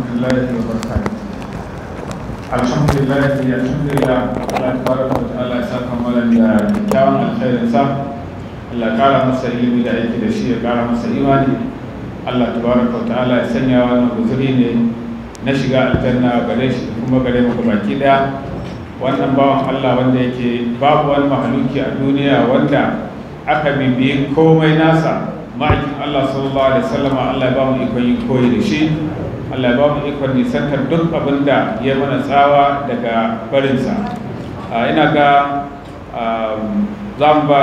ورحمة الله وبركاته الحمد لله الحمد لله Allah tabaraka wa ta'ala ya saka malam da kyakkyawan alkhairin sa Allah kara masa ilimi da aiki da shi ya kara masa imani Allah tabaraka wa ta'ala ya sanya wannan guzuri ne na shiga aljanna gare shi kuma gare mu baki daya wannan bawan Allah wanda yake babu wani mahaluki a duniya wanda aka bibiyi komai nasa ma'aikin Allah sallallahu alaihi wasallam Allah ya ba mu ikon yin koyi da shi Allah ba mu ikon nisantar duk abin da ya mana tsawa daga barinsa ina ga za ba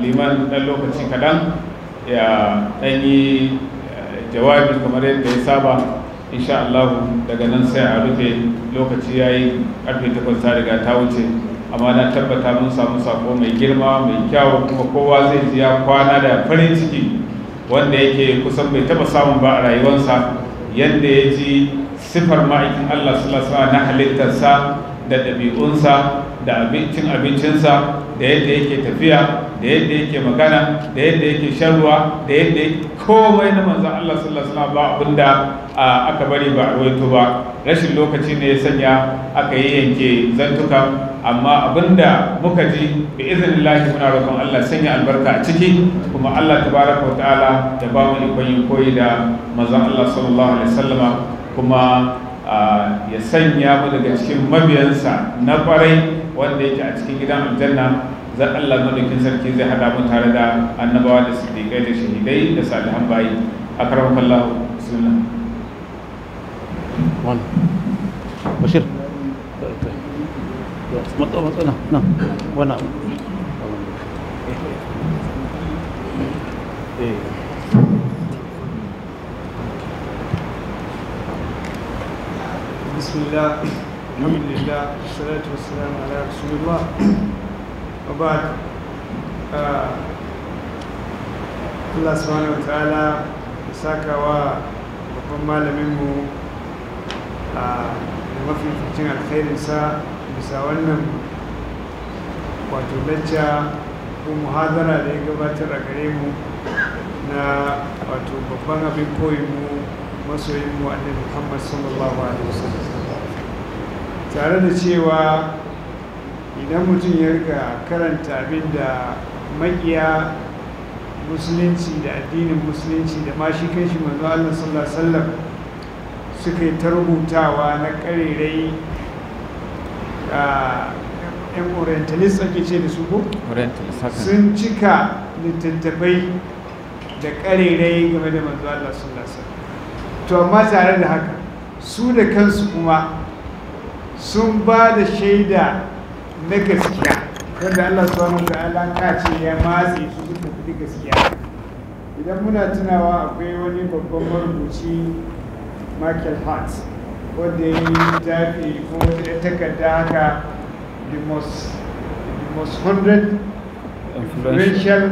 liman ɗan lokaci kadan ya ɗan yi eh, jawabi kamar yadda ya saba insha Allah daga nan sai a rufe lokaci ya yi ƙarfe takwas ta riga ta wuce amma na tabbata mun samu sako mai girma mai kyawu kuma kowa zai ji kwana da farin ciki wanda yake kusan bai taɓa samun ba a rayuwarsa yadda ya ji sifar ma'aikin Allah sallallahu na halittarsa da ɗabi'unsa da abincin abincinsa da yadda yake tafiya da yadda yake magana da yadda yake sharuwa da yadda komai na manzan Allah sallallahu alaihi ba abinda aka bari ba a ba rashin lokaci ne ya sanya aka yi yanke zantuka amma abinda muka ji bi izinin muna roƙon Allah sanya albarka a ciki kuma Allah tabaraka wa ta'ala ya ba mu ikon yin koyi da manzan Allah sallallahu alaihi wasallam kuma ya sanya mu daga cikin mabiyansa na ƙwarai wanda yake a cikin gidan aljanna zan Allah madaukin sarki zai hada mu tare da annabawa da siddiqai da shahidai da salihan bayi akramakallahu bismillah wan bashir matsa matsa na na wana بسم الله الحمد لله والصلاة والسلام على رسول الله وبعد saka wa babban malaminmu a ah, mafi fitin alkhairinsa wannan lacca ko muhazara da ya gabatar a gare na wato babban abin koyinmu annabi tare da cewa idan mutum ya riga karanta abin da makiya musulunci da addinin musulunci da ma shi kanshi manzo Allah sallallahu alaihi wasallam suka yi tarbutawa na karerai yan orientalist ake ce da su ko sun cika littattafai da karerai game da manzo Allah sallallahu alaihi wasallam to amma tare da haka su da kansu kuma sun ba da shaida na gaskiya wanda Allah su wani ta'ala ka ce ya matse su suka fi gaskiya idan muna tunawa akwai wani babban marubuci Michael Hart wanda ya yi tafi ko wata takarda haka the most the most hundred influential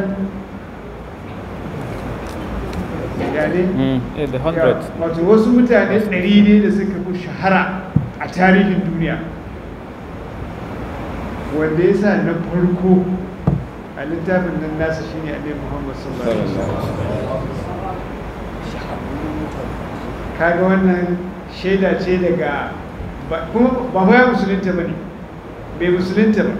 yani mm, eh, wato wasu mutane ɗari ne da suka fi shahara a tarihin duniya wanda ya sa na farko a littafin nan nasa ne annabi muhammad sallallahu alaihi wasallam wannan shaida ce daga ba ba ya musulunta ba ne bai musulunta ba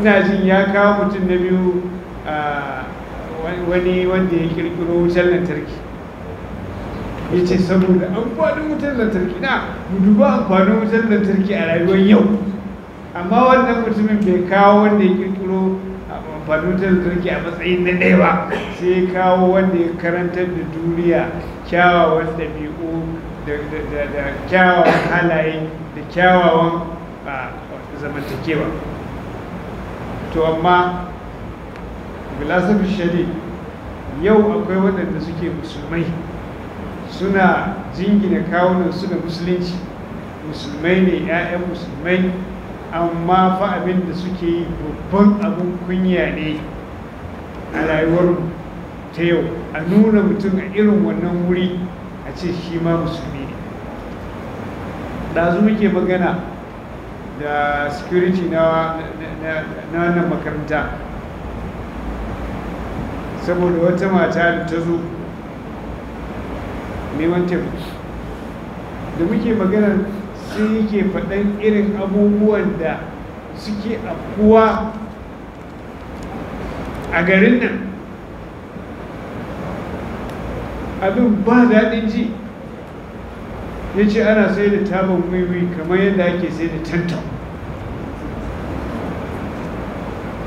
ina jin ya kawo mutum na biyu ah, wani wanda ya kirkiro wutar lantarki Yace ce saboda amfanin wutar lantarki na mu duba amfanin wutar lantarki a rayuwar yau amma wannan mutumin bai kawo wanda ya kirkiro amfanin wutar lantarki a matsayin na ɗaya ba sai ya kawo wanda ya karantar da duniya kyawawan ɗabi'u da kyawawan halaye da kyawawan zamantakewa to amma bilasafin shari yau akwai waɗanda suke musulmai suna jingina kawunan su da musulunci musulmai ne 'ya'yan musulmai amma fa abin da suke yi babban abin kunya ne a rayuwar ta yau a nuna mutum a irin wannan wuri a ce shi ma musulmi ne ɗazu muke magana da security na wannan makaranta saboda wata mata da ta zo mai wancan da muke magana sai yake faɗan irin abubuwan da suke afkuwa a garin nan abin ba daɗin ji ya ce ana sai da taban wiwi kamar yadda ake sai da tantan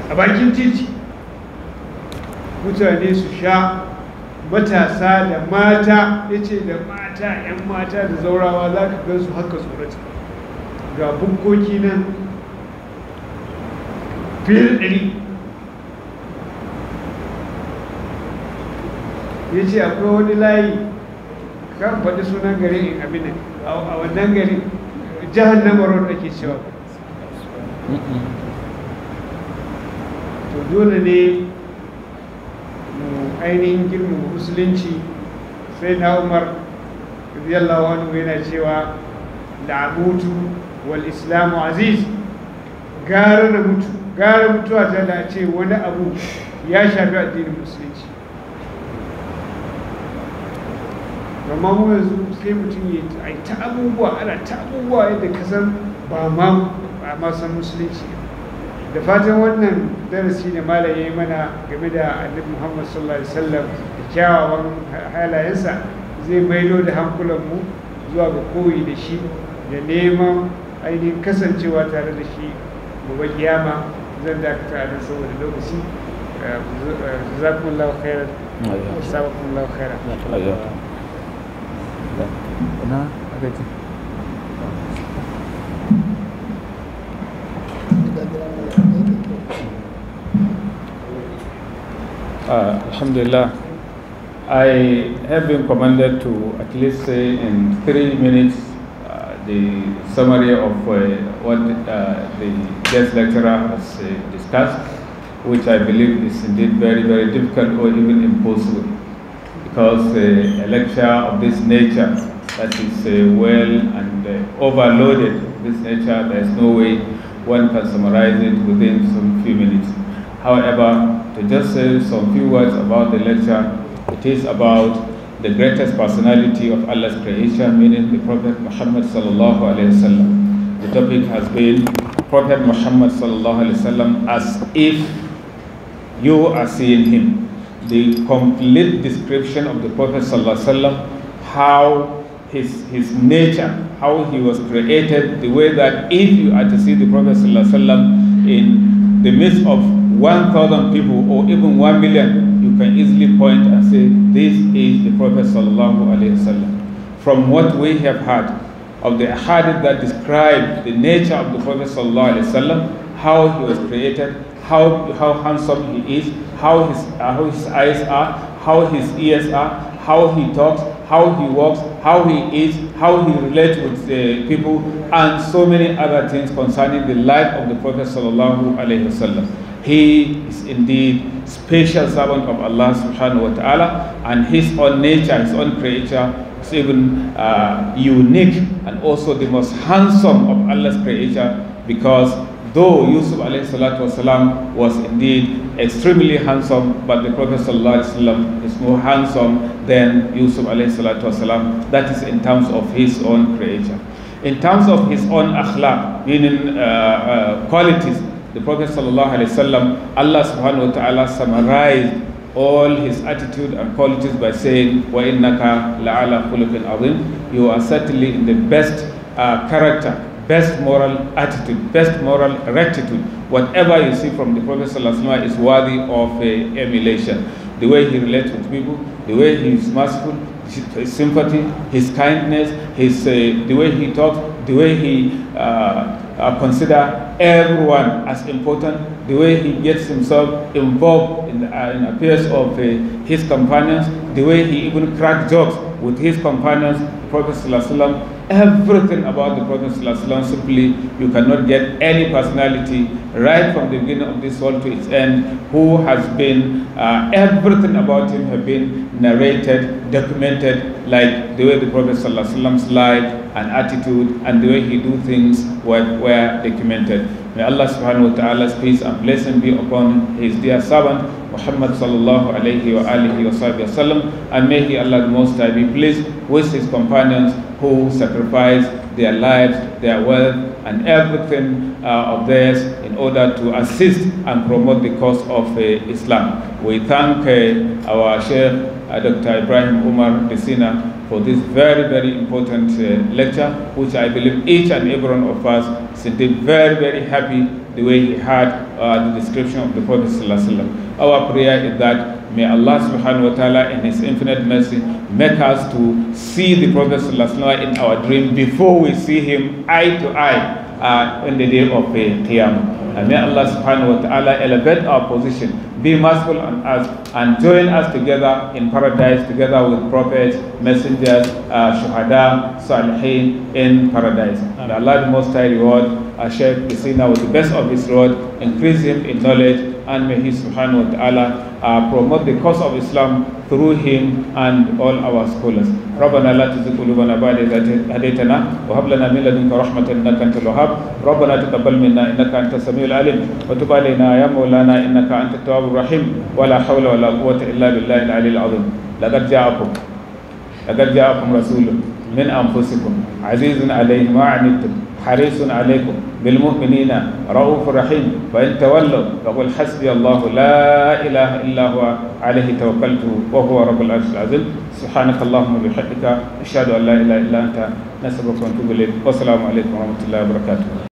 a bakin titi mutane su sha matasa da mata ya ce da mata 'yan mata da zaurawa za ka gansu haka tsorata ga bukoki nan fil ɗari ya ce akwai wani layi kan faɗi sunan gari in amina a wannan gari jihar da ke cewa to dole ne ainihin girmama musulunci sai na umar radiyallahu anhu yana cewa la'amutu wal islamu aziz gara da mutu gara mutuwa ta da ce wani abu ya shafi addinin musulunci amma mu yanzu sai mutum ya ta abubuwa ana ta abubuwa yadda kasar ba ma san musulunci ba da fatan wannan darasi da malam ya yi mana game da annabi muhammad sallallahu alaihi wasallam da kyawawan halayensa zai maido da hankulanmu zuwa ga koyi da shi da neman ainihin kasancewa tare da shi gobe kiyama zan dakata a nan saboda lokaci jazakumullahu khairan wasabakumullahu khairan na agaji Uh, Alhamdulillah. I have been commanded to at least say in three minutes uh, the summary of uh, what uh, the guest lecturer has uh, discussed, which I believe is indeed very, very difficult or even impossible because uh, a lecture of this nature that is well and overloaded this nature, there is no way one can summarize it within some few minutes. However, to just say some few words about the lecture, it is about the greatest personality of Allah's creation, meaning the Prophet Muhammad sallallahu alaihi wasallam. The topic has been Prophet Muhammad sallallahu alaihi wasallam as if you are seeing him. The complete description of the Prophet sallallahu alaihi wasallam, how his, his nature, how he was created, the way that if you are to see the Prophet sallallahu alaihi wasallam in the midst of 1,000 people or even 1 million, you can easily point and say, this is the Prophet Sallallahu Alaihi Wasallam. From what we have heard of the hadith that describe the nature of the Prophet Sallallahu Alaihi Wasallam, how he was created, how, how handsome he is, how his, uh, how his eyes are, how his ears are, how he talks, how he walks, how he is, how he relates with the people, and so many other things concerning the life of the Prophet Sallallahu Alaihi Wasallam. He is indeed special servant of Allah subhanahu wa ta'ala and his own nature, his own creature is even uh, unique and also the most handsome of Allah's creature because though Yusuf والسلام, was indeed extremely handsome, but the Prophet وسلم, is more handsome than Yusuf والسلام. That is in terms of his own creation. In terms of his own akhlaq, meaning uh, uh, qualities, the Prophet وسلم, Allah subhanahu wa ta'ala summarized all his attitude and qualities by saying, وَإِنَّكَ لَعَلَى خُلُقٍ عَظِيمٍ You are certainly in the best uh, character, best moral attitude, best moral rectitude. Whatever you see from the Prophet ﷺ is worthy of uh, emulation. The way he relates with people, the way he is merciful, his sympathy, his kindness, his, uh, the way he talks, the way he uh, uh, consider everyone as important, the way he gets himself involved in, uh, in affairs of uh, his companions, the way he even cracks jokes with his companions, the Prophet everything about the Prophet simply you cannot get any personality right from the beginning of this world to its end who has been uh, everything about him have been narrated documented like the way the Prophet Prophet's life and attitude and the way he do things were, were documented may Allah subhanahu wa ta'ala's peace and blessing be upon his dear servant Muhammad sallallahu alayhi wa alihi wa sallam and may he Allah the Most High be pleased with his companions who sacrificed their lives, their wealth, and everything uh, of theirs in order to assist and promote the cause of uh, Islam. We thank uh, our Sheikh uh, Dr. Ibrahim Umar Messina for this very, very important uh, lecture, which I believe each and every one of us is very, very happy the way he had uh, the description of the Prophet. Our prayer is that May Allah subhanahu wa ta'ala in his infinite mercy make us to see the Prophet in our dream before we see him eye to eye uh, on the day of uh, Qiyamah. And may Allah subhanahu wa ta'ala elevate our position, be merciful on us, and join us together in paradise, together with prophets, messengers, uh, shuhada, salihin in paradise. And Allah the Most High reward Sheikh Kisina with the best of his road, increase him in knowledge, and may He subhanahu wa ta'ala uh, promote the cause of Islam through him and all our scholars. ربنا لا تزغ قلوبنا بعد إذ هديتنا وهب لنا من لدنك رحمة إنك أنت الوهاب ربنا تقبل منا إنك أنت السميع العليم وتب علينا يا مولانا إنك أنت التواب الرحيم ولا حول ولا قوة إلا بالله العلي العظيم لقد جاءكم لقد جاءكم رسول min anfusikum azizun alayhi ma anittum harisun alaykum bil mu'minina raufur rahim fa in tawallaw faqul hasbi Allah la ilaha illa huwa alayhi tawakkaltu wa huwa rabbul arshil azim subhanakallahumma bihamdika ashhadu an la ilaha illa anta nastaghfiruka wa natubu ilayk wa assalamu wa wa